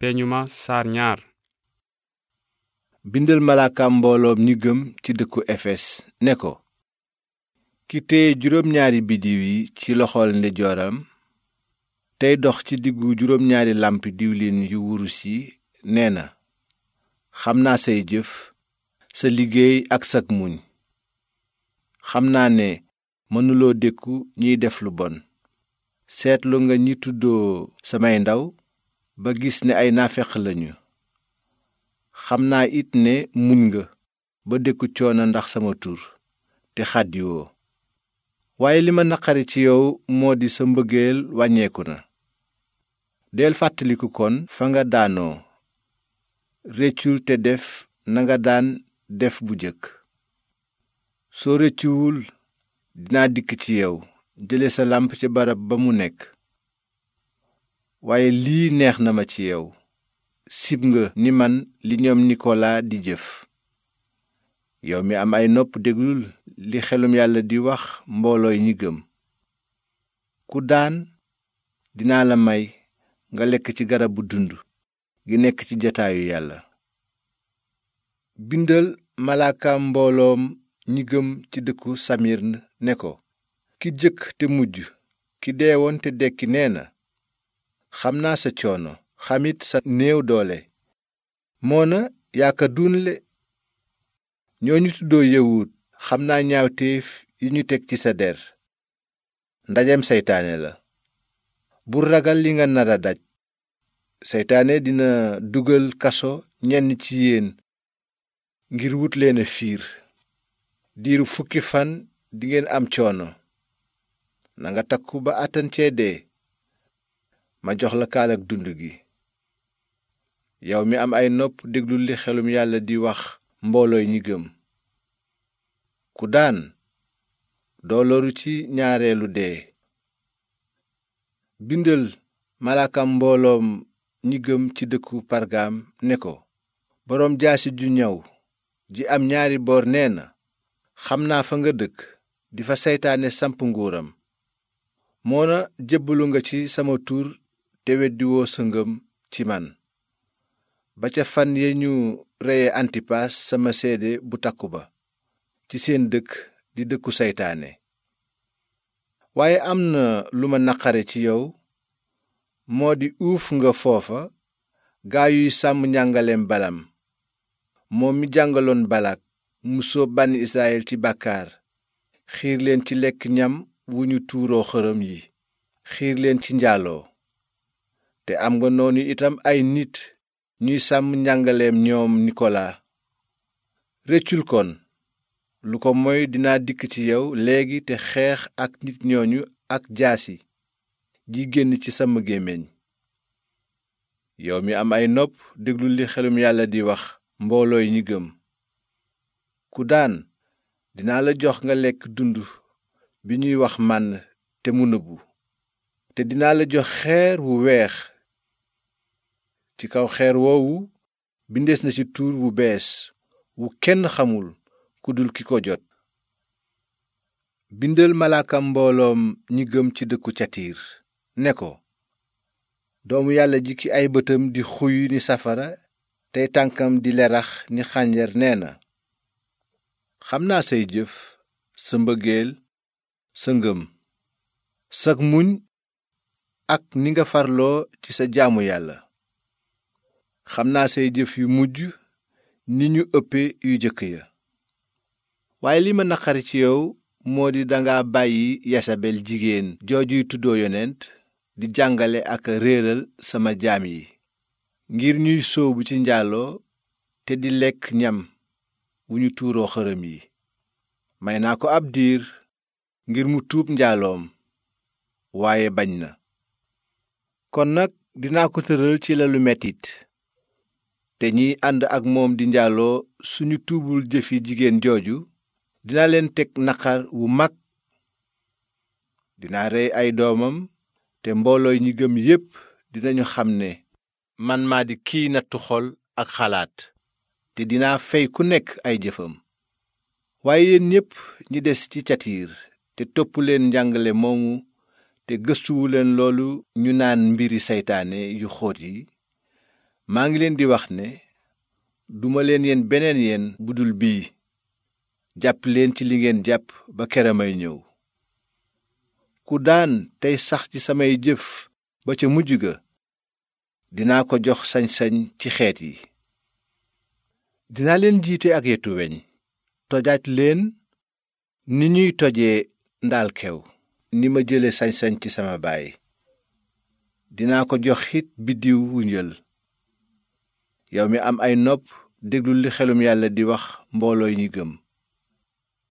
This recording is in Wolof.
peñuma saar ñaar bindal malaakam mbooloom ñi gëm ci dëkku efes ne ko ki téye juróom ñaari biddiw yi ci loxol ndejooram tey dox ci diggu juróom ñaari làmpi diwlin yu wurus yi nee na xam naa say jëf sa liggéey ak sag muñ xam naa ne mënuloo dékku ñuy def lu bon seetlu nga ñi tuddoo samay ndaw ba gis ne ay naafeq lañu xam naa it ne muñ nga ba dékku coono ndax sama tur te xàddiwoo waaye li ma naqari ci yow moo di sa mbëggeel wàññeeku na del fàttaliku kon fa nga daanoo réccul te def nanga daan def bu jëkk soo réccuwul dinaa dikk ci yow jële sa làmp ci barab ba mu nekk waaye lii neex na ma ci yow sib nga ni man li ñoom nikolaa di jëf yow mi am ay nopp déglul li xelum yàlla di wax mboolooy ñi gëm ku daan dinaa la may nga lekk ci garabu dund gi nekk ci jataayu yàlla bindal malaaka mbooloom ñi gëm ci dëkku samirn ne ko ki jëkk te mujj ki deewoon te dekki nee na xam naa sa coono xamit sa néew doole moona yaa ka duunle ñoo ñu tuddoo yëwut xam naa ñaawteef yi ñu teg ci sa der ndajem seytaane la bul ragal li nga nar a daj seytaane dina dugal kaso ñenn ci yéen ngir wut leen fiir diiru fukki fan dingeen am coono nanga takku ba àttan cee dee ma jox la kaalak dund gi yow mi am ay nopp déglul li xelum yàlla di wax mboolooy ñi gëm ku daan doo loru ci ñaareelu dee bindal malaakam mbooloom ñi gëm ci dëkku pargaam ne ko boroom jaasi ju ñaw ji am ñaari boor nee na xam naa fa nga dëkk di fa seytaane samp nguuram moona jébbalu nga ci sama tur te weddiwoo sa ci man ba ca fan ya ñu reye antipaas sama seede bu takku ba ci seen dëkk di dëkku seytaane waaye am na lu ma naqare ci yow moo di uuf nga foofa gaa sàmm njàngaleem balam moom mi jàngaloon balak mu sóob bànni israyil ci bàkkaar xiir leen ci lekk ñam wu ñu tuuroo xërëm yi xiir leen ci njaaloo te am nga noonu itam ay nit ñuy sàmm njàngaleem ñoom nikolaa rëccul kon lu ko moy dinaa dikk ci yow léegi te xeex ak nit ñooñu ak jaasi ji génn ci sama gémmiñ yow mi am ay nopp déglu li xelum yàlla di wax mboolooy ñi gëm ku daan dinaa la jox nga lekk dund bi ñuy wax mànn te mu nëbbu te dinaa la jox xeer wu weex ci kaw xeer woowu bindees na ci tuur wu bees wu kenn xamul ku dul ki ko jot bindal malaakam mbooloom ñi gëm ci dëkku catiir ne ko doomu yàlla ji ay bëtam di xuy ni safara tey tànkam di lerax ni xànjar nee na xam naa say jëf sa mbëggeel sa ngëm sag muñ ak ni nga farloo ci sa jaamu yàlla xam naa say jëf yu mujj ni ñu ëppe yu jëkk ya waaye li ma naqari ci yow moo di danga bàyyi yasabel jigéen joojuy tuddoo yonent di jàngale ak réeral sama jaam yi ngir ñuy sóobu ci njaaloo te di lekk ñam wu ñu tuuroo xërëm yi may naa ko ab diir ngir mu tuub njaaloom waaye bañ na kon nag dinaa ko tëral ci lalu metit te ñiy ànd ak moom di njaaloo suñu tuubul jëfi jigéen jooju dinaa leen teg naqar wu mag dinaa rey ay doomam te mboolooy ñi gëm yépp dinañu xam ne man maa di kii nattu xol ak xalaat te dinaa fay ku nekk ay jëfam waaye yéen ñépp ñi des ci catiir te topp leen njàngale moomu te gëstuwu leen loolu ñu naan mbiri seytaane yu xóot yi maa ngi leen di wax ne duma leen yeen beneen yeen bu dul bii jàpp leen ci li ngeen jàpp ba kera may ñëw ku daan tey sax ci samay jëf ba ca mujj ga dinaa ko jox sañ-sañ ci xeet yi dinaa leen jiite ak yetu weñ tojaaj leen ni ñuy tojee ndaal kew ni ma jële sañ-sañ ci sama baay dinaa ko jox xiit biddiw wu njël yow mi am ay nopp déglul li xelum yàlla di wax mbooloo yi ñi gëm